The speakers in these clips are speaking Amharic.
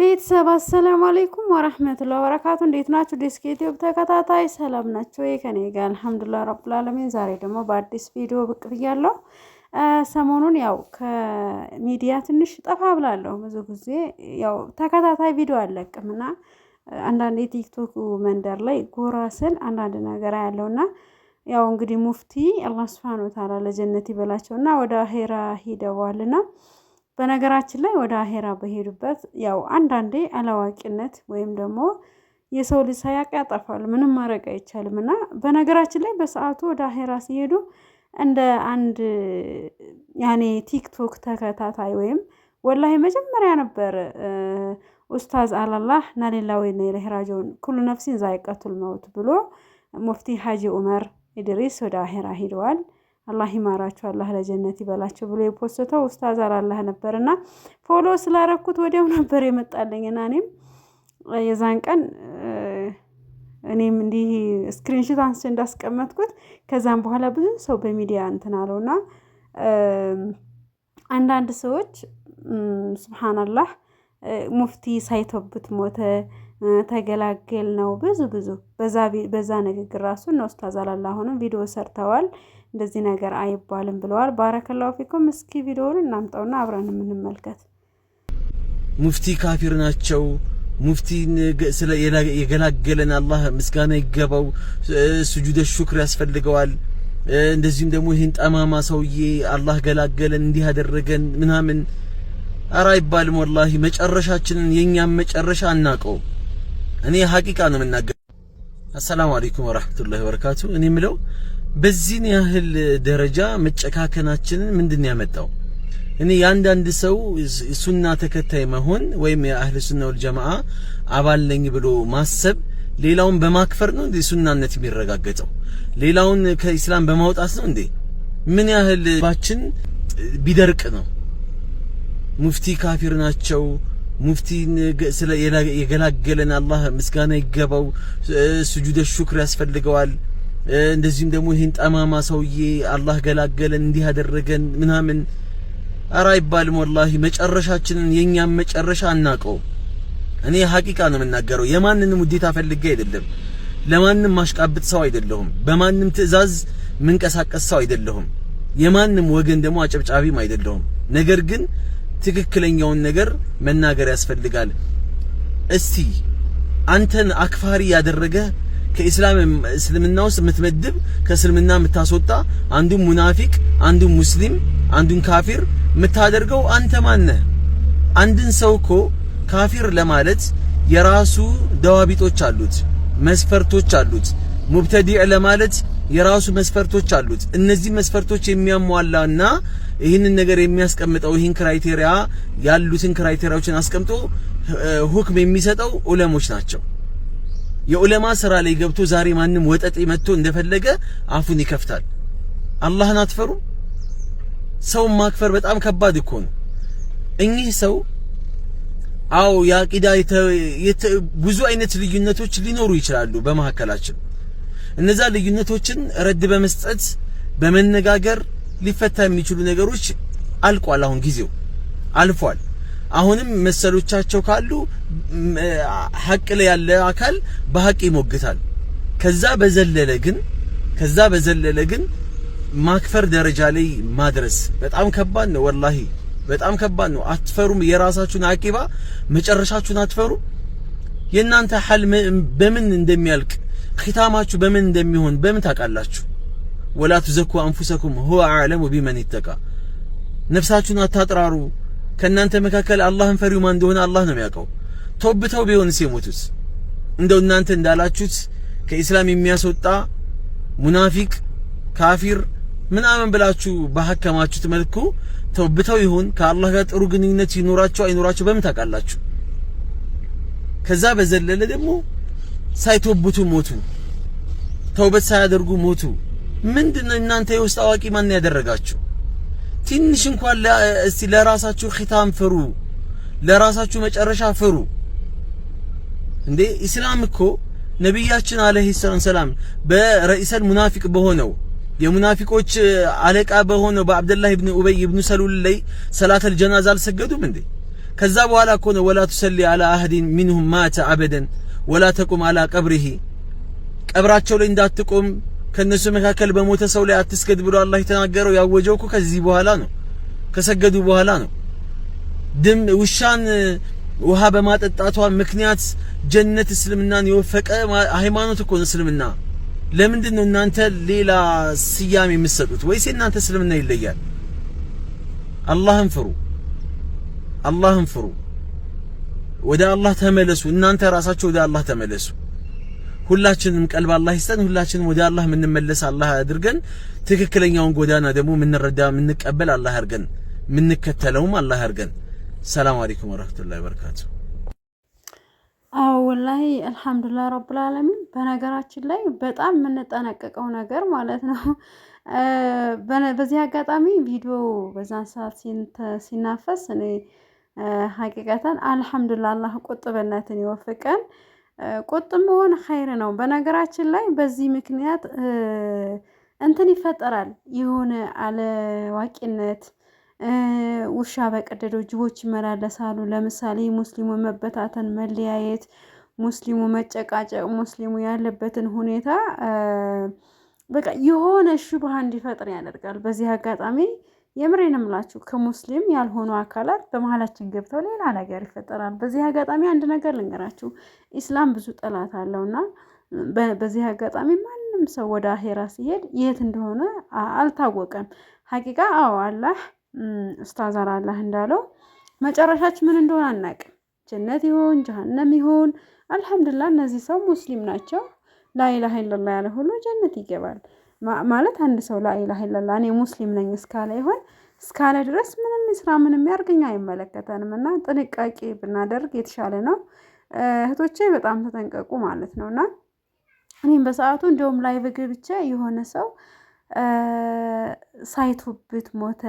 ቤተሰብ አሰላሙ አለይኩም ወረህመቱላ ወበረካቱ እንዴት ናችሁ? ዲስክ ዩቲዩብ ተከታታይ ሰላም ናቸው ወይ? ከኔ ጋ አልሐምዱላ ረብል ዛሬ ደግሞ በአዲስ ቪዲዮ ብቅ ብያለሁ። ሰሞኑን ያው ከሚዲያ ትንሽ ጠፋ ብላለሁ። ብዙ ጊዜ ያው ተከታታይ ቪዲዮ አለቅም አለቅምና አንዳንድ የቲክቶክ መንደር ላይ ጎራ ስል አንዳንድ ነገር ያለው ያለውና ያው እንግዲህ ሙፍቲ አላህ ሱብሃነሁ ወተዓላ ለጀነት ይበላቸው ይበላቸውና ወደ አሄራ ና በነገራችን ላይ ወደ አሄራ በሄዱበት ያው አንዳንዴ አላዋቂነት ወይም ደግሞ የሰው ልጅ ሳያቅ ያጠፋል። ምንም ማድረግ አይቻልም። እና በነገራችን ላይ በሰዓቱ ወደ አሄራ ሲሄዱ እንደ አንድ ያኔ ቲክቶክ ተከታታይ ወይም ወላሂ መጀመሪያ ነበር ኡስታዝ አላላህ ሌላ ወይ ሄራጀውን ኩሉ ነፍሲን ዛይቀቱል መውት ብሎ ሙፍቲ ሀጂ ኡመር ኢድሪስ ወደ አሄራ ሂደዋል። አላህ ይማራቸው፣ አላህ ለጀነት ይበላቸው ብሎ የፖስተው ኡስታዝ አላላህ ነበርና ፎሎ ስላረኩት ወዲያው ነበር እና እኔም የዛን ቀን እኔም እንዲህ ስክሪንሽት አንስቼ እንዳስቀመጥኩት ከዛም በኋላ ብዙ ሰው በሚዲያ እንትን አለውና አንዳንድ ሰዎች ስብሓናላህ ሙፍቲ ሳይተብት ሞተ ተገላገል ነው ብዙ ብዙ በዛ ንግግር ራሱ እና ኡስታዝ አላላ አሁንም ቪዲዮ ሰርተዋል። እንደዚህ ነገር አይባልም ብለዋል። ባረከላው ፊኩም። እስኪ ቪዲዮውን እናምጣውና አብረን የምንመልከት። ሙፍቲ ካፊር ናቸው። ስለ የገላገለን አላህ ምስጋና ይገባው። ስጁደ ሹክር ያስፈልገዋል። እንደዚሁም ደግሞ ይህን ጠማማ ሰውዬ አላህ ገላገለን እንዲህ ምናምን አራ አይባልም። ወላሂ መጨረሻችንን የእኛም መጨረሻ አናቀው። እኔ ሀቂቃ ነው የምናገር። አሰላሙ አለይኩም ወራህመቱላሂ ወበረካቱ። እኔ ምለው በዚህን ያህል ደረጃ መጨካከናችንን ምንድን ያመጣው? እኔ የአንዳንድ ሰው ሱና ተከታይ መሆን ወይም የአህል ሱና ወል ጀማዓ አባል ነኝ ብሎ ማሰብ ሌላውን በማክፈር ነው እንዴ ሱናነት የሚረጋገጠው? ሌላውን ከኢስላም በማውጣት ነው እንዴ? ምን ያህል ባችን ቢደርቅ ነው? ሙፍቲ ካፊር ናቸው። ሙፍቲ የገላገለን አላህ ምስጋና ይገባው። ስጁደ ሹክር ያስፈልገዋል። እንደዚህም ደግሞ ይህን ጠማማ ሰውዬ አላህ ገላገለን እንዲህ አደረገን ምናምን አራ አይባልም። ወላሂ መጨረሻችንን የኛም መጨረሻ አናቀው። እኔ ሀቂቃ ነው የምናገረው። የማንንም ውዴታ ፈልጌ አይደለም። ለማንም ማሽቃብጥ ሰው አይደለሁም። በማንም ትዕዛዝ ምንቀሳቀስ ሰው አይደለሁም። የማንም ወገን ደግሞ አጨብጫቢም አይደለሁም። ነገር ግን ትክክለኛውን ነገር መናገር ያስፈልጋል። እስቲ አንተን አክፋሪ ያደረገ ከኢስላም እስልምና ውስጥ የምትመድብ ከእስልምና የምታስወጣ አንዱን ሙናፊቅ አንዱን ሙስሊም አንዱን ካፊር የምታደርገው አንተ ማነህ? አንድን ሰው እኮ ካፊር ለማለት የራሱ ደዋቢጦች አሉት፣ መስፈርቶች አሉት። ሙብተዲዕ ለማለት የራሱ መስፈርቶች አሉት። እነዚህ መስፈርቶች የሚያሟላና ይህንን ነገር የሚያስቀምጠው ይህን ክራይቴሪያ ያሉትን ክራይቴሪያዎችን አስቀምጦ ሁክም የሚሰጠው ዑለሞች ናቸው። የዑለማ ስራ ላይ ገብቶ ዛሬ ማንም ወጠጤ መጥቶ እንደፈለገ አፉን ይከፍታል። አላህን አትፈሩ። ሰውን ማክፈር በጣም ከባድ እኮ ነው። እኚህ ሰው አዎ የአቂዳ ብዙ አይነት ልዩነቶች ሊኖሩ ይችላሉ በመካከላችን። እነዛ ልዩነቶችን ረድ በመስጠት በመነጋገር ሊፈታ የሚችሉ ነገሮች አልቋል። አሁን ጊዜው አልፏል። አሁንም መሰሎቻቸው ካሉ ሀቅ ላይ ያለ አካል በሀቅ ይሞግታል። ከዛ በዘለለ ግን ከዛ በዘለለ ግን ማክፈር ደረጃ ላይ ማድረስ በጣም ከባድ ነው። ወላሂ በጣም ከባድ ነው። አትፈሩም? የራሳችሁን አቂባ መጨረሻችሁን አትፈሩ። የእናንተ ሐል በምን እንደሚያልቅ ኺታማችሁ በምን እንደሚሆን በምን ታውቃላችሁ? ወላ ትዘኩ አንፉሰኩም ሁወ አዕለሙ ቢመን ይተቃ። ነፍሳችሁን አታጥራሩ። ከእናንተ መካከል አላህን ፈሪው ማን እንደሆነ አላህ ነው የሚያውቀው። ተውብተው ቢሆን የሞቱት እንደው እናንተ እንዳላችሁት ከኢስላም የሚያስወጣ ሙናፊቅ ካፊር ምናምን ብላችሁ በሐከማችሁት መልኩ ተውብተው ይሁን ከአላህ ጋር ጥሩ ግንኙነት ይኖራቸው አይኖራቸው በምን ታውቃላችሁ? ከዛ በዘለለ ደግሞ ሳይተውብቱ ሞቱ፣ ተውበት ሳያደርጉ ሞቱ። ምንድነው እናንተ የውስጥ አዋቂ ማን ያደረጋችሁ? ትንሽ እንኳን እስቲ ለራሳችሁ ኺታም ፍሩ፣ ለራሳችሁ መጨረሻ ፍሩ። እንዴ ኢስላም እኮ ነቢያችን አለይሂ ሰላም በረኢሰል ሙናፊቅ በሆነው የሙናፊቆች አለቃ በሆነው በአብደላህ ኢብኑ ኡበይ ኢብኑ ሰሉል ላይ ሰላተል ጀናዛ አልሰገዱም እንዴ? ከዛ በኋላ እኮ ነው ወላ ትሰሊ አላ አህዲን ሚንሁም ማተ አበደን ወላ ተቁም አላ ቀብሪሂ ቀብራቸው ላይ እንዳትቆም ከነሱ መካከል በሞተ ሰው ላይ አትስገድ ብሎ አላህ የተናገረው ያወጀው እኮ ከዚህ በኋላ ነው፣ ከሰገዱ በኋላ ነው። ድም ውሻን ውሃ በማጠጣቷ ምክንያት ጀነት እስልምናን የወፈቀ ሃይማኖት እኮ ነው እስልምና። ለምንድን ነው እናንተ ሌላ ስያሜ የምትሰጡት? ወይስ እናንተ እስልምና ይለያል? አላህን ፍሩ፣ አላህን ፍሩ፣ ወደ አላህ ተመለሱ። እናንተ ራሳችሁ ወደ አላህ ተመለሱ። ሁላችንም ቀልብ አላህ ይስጠን። ሁላችንም ወደ አላህ የምንመለስ አላህ አድርገን ትክክለኛውን ጎዳና ደግሞ የምንረዳ የምንቀበል አላህ አድርገን የምንከተለውም አላህ አድርገን። ሰላም አለይኩም ወራህመቱላሂ ወበረካቱ። አዎ ወላሂ አልሐምዱሊላህ ረብል ዓለሚን። በነገራችን ላይ በጣም የምንጠነቀቀው ነገር ማለት ነው። በዚህ አጋጣሚ ቪዲዮ በዛ ሰዓት ሲናፈስ እኔ ሀቂቀተን አልሐምዱሊላህ አላህ ቁጥብነትን ይወፍቀን። ቁጥም መሆን ኸይር ነው። በነገራችን ላይ በዚህ ምክንያት እንትን ይፈጠራል። የሆነ አለዋቂነት ውሻ በቀደደው ጅቦች ይመላለሳሉ። ለምሳሌ ሙስሊሙ መበታተን፣ መለያየት፣ ሙስሊሙ መጨቃጨቅ፣ ሙስሊሙ ያለበትን ሁኔታ በቃ የሆነ ሹብሃ እንዲፈጥር ያደርጋል። በዚህ አጋጣሚ የምሬን ምላችሁ ከሙስሊም ያልሆኑ አካላት በመሀላችን ገብተው ሌላ ነገር ይፈጠራል። በዚህ አጋጣሚ አንድ ነገር ልንገራችሁ፣ ኢስላም ብዙ ጠላት አለውና በዚህ አጋጣሚ ማንም ሰው ወደ አሄራ ሲሄድ የት እንደሆነ አልታወቀም። ሀቂቃ አዎ አላህ ኡስታዝ አላህ እንዳለው መጨረሻችን ምን እንደሆነ አናቅም። ጀነት ይሆን ጀሀነም ይሆን? አልሐምዱሊላህ እነዚህ ሰው ሙስሊም ናቸው። ላኢላሀ ኢለላህ ያለ ሁሉ ጀነት ይገባል። ማለት አንድ ሰው ላኢላሀ ኢለላህ እኔ ሙስሊም ነኝ እስካለ ይሆን እስካለ ድረስ ምንም ስራ ምንም ያርገኝ አይመለከተንም እና ጥንቃቄ ብናደርግ የተሻለ ነው። እህቶቼ በጣም ተጠንቀቁ ማለት ነው። እና እኔም በሰዓቱ እንዲሁም ላይቭ ብቻ የሆነ ሰው ሳይቱብት ሞተ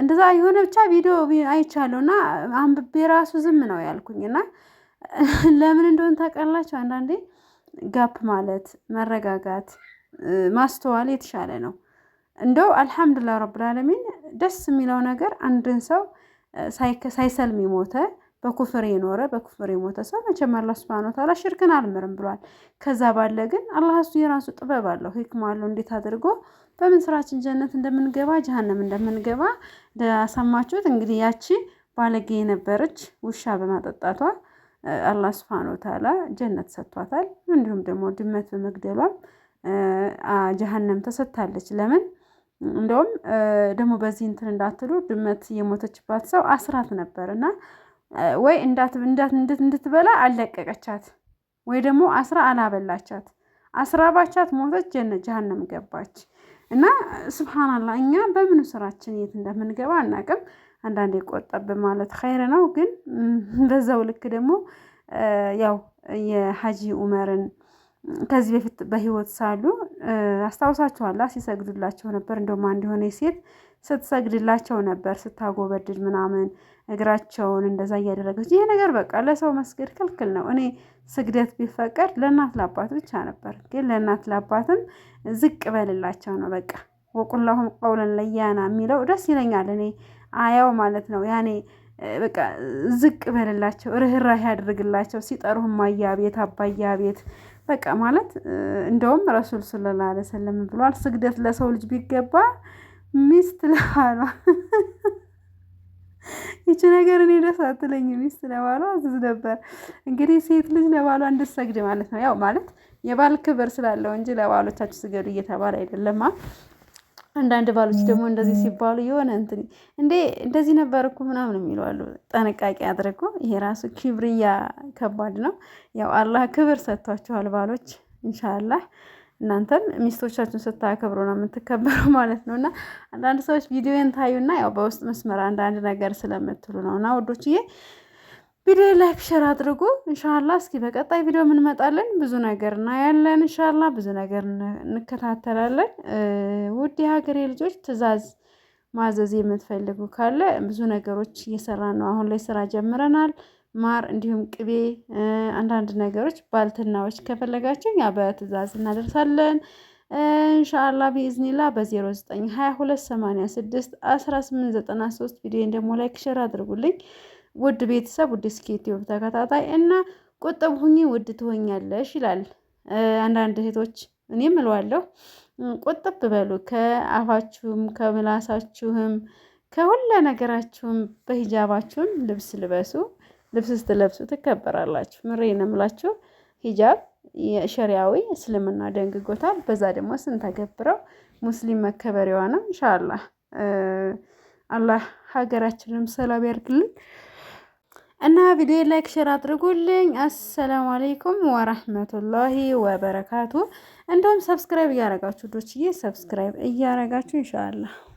እንደዛ የሆነ ብቻ ቪዲዮ አይቻለሁ እና አንብቤ ራሱ ዝም ነው ያልኩኝ እና ለምን እንደሆን ታውቃላችሁ አንዳንዴ ጋፕ ማለት መረጋጋት፣ ማስተዋል የተሻለ ነው። እንደው አልሐምዱላ ረብልዓለሚን ደስ የሚለው ነገር አንድን ሰው ሳይሰልም የሞተ በኩፍር የኖረ በኩፍር የሞተ ሰው መቼም አላህ ሱብሃነ ወተዓላ ሽርክን አልምርም ብሏል። ከዛ ባለ ግን አላህ እሱ የራሱ ጥበብ አለው፣ ህክማ አለው። እንዴት አድርጎ በምን ስራችን ጀነት እንደምንገባ ጀሀነም እንደምንገባ እንዳሰማችሁት እንግዲህ ያቺ ባለጌ የነበረች ውሻ በማጠጣቷ አላህ ሱብሓነሁ ወተዓላ ጀነት ሰጥቷታል። እንዲሁም ደግሞ ድመት በመግደሏም ጀሀነም ተሰጥታለች። ለምን እንደውም ደግሞ በዚህ እንትን እንዳትሉ ድመት የሞተችባት ሰው አስራት ነበር እና ወይ እንድትበላ አልለቀቀቻት፣ ወይ ደግሞ አስራ አላበላቻት። አስራባቻት ሞተች፣ ጀነት ጀሀነም ገባች። እና ስብሓናላ እኛ በምኑ ስራችን የት እንደምንገባ አናቅም። አንዳንዴ ቆጠብ ማለት ኸይር ነው። ግን በዛው ልክ ደግሞ ያው የሀጂ ኡመርን ከዚህ በፊት በህይወት ሳሉ አስታውሳችኋላ ሲሰግዱላቸው ነበር። እንደውም አንድ የሆነ ሴት ስትሰግድላቸው ነበር ስታጎበድድ ምናምን እግራቸውን እንደዛ እያደረገች ይሄ ነገር በቃ ለሰው መስገድ ክልክል ነው። እኔ ስግደት ቢፈቀድ ለእናት ለአባት ብቻ ነበር። ግን ለእናት ለአባትም ዝቅ በልላቸው ነው በቃ ወቁላሁም ቀውለን ለያና የሚለው ደስ ይለኛል እኔ አያው ማለት ነው። ያኔ በቃ ዝቅ በልላቸው፣ ርኅራህ ያድርግላቸው። ሲጠሩህ ማያ ቤት አባያ ቤት በቃ ማለት እንደውም ረሱል ሰለላሁ ዐለይሂ ወሰለም ብሏል፣ ስግደት ለሰው ልጅ ቢገባ ሚስት ለባሏ ይቺ ነገር እኔ ደስ አትለኝ። ሚስት ለባሏ ዝዝ ነበር። እንግዲህ ሴት ልጅ ለባሏ እንድትሰግድ ማለት ነው። ያው ማለት የባል ክብር ስላለው እንጂ ለባሎቻችሁ ስገዱ እየተባለ አይደለማ። አንዳንድ ባሎች ደግሞ እንደዚህ ሲባሉ የሆነ እንትን እንዴ እንደዚህ ነበር እኮ ምናምን የሚለዋሉ። ጥንቃቄ አድርጎ ይሄ ራሱ ኪብርያ ከባድ ነው። ያው አላህ ክብር ሰጥቷችኋል ባሎች። እንሻላህ እናንተም ሚስቶቻችሁን ስታከብሩ ነው የምትከበሩ ማለት ነው። እና አንዳንድ ሰዎች ቪዲዮን ታዩና ያው በውስጥ መስመር አንዳንድ ነገር ስለምትሉ ነው እና ወዶችዬ ቪዲዮ ላይክ ሸር አድርጉ። እንሻላ እስኪ በቀጣይ ቪዲዮ የምንመጣለን። ብዙ ነገር እናያለን። እንሻላ ብዙ ነገር እንከታተላለን። ውድ የሀገሬ ልጆች ትዕዛዝ ማዘዝ የምትፈልጉ ካለ ብዙ ነገሮች እየሰራ ነው። አሁን ላይ ስራ ጀምረናል። ማር እንዲሁም ቅቤ፣ አንዳንድ ነገሮች ባልትናዎች ከፈለጋቸው ያ በትእዛዝ እናደርሳለን። እንሻላ ቢዝኒላ በ0922861893 ቪዲዮን ደግሞ ላይክ ሸር አድርጉልኝ። ውድ ቤተሰብ ውድ ስኬት ተከታታይ እና ቁጥብ ሁኚ ውድ ትሆኛለሽ ይላል። አንዳንድ እህቶች እኔም እለዋለሁ ቁጥብ በሉ ከአፋችሁም ከምላሳችሁም ከሁለ ነገራችሁም በሂጃባችሁም ልብስ ልበሱ። ልብስ ስትለብሱ ትከበራላችሁ። ምሬን እምላችሁ ሂጃብ የሸሪያዊ እስልምና ደንግጎታል። በዛ ደግሞ ስንተገብረው ሙስሊም መከበሪዋ ነው። እንሻላ አላህ ሀገራችንም ሰላም ያርግልን። እና ቪዲዮ ላይክ ሼር አድርጉልኝ። አሰላሙ አሌይኩም ወራህመቱላሂ ወበረካቱ። እንደውም ሰብስክራይብ እያረጋችሁ ዶችዬ ሰብስክራይብ እያረጋችሁ ኢንሻአላህ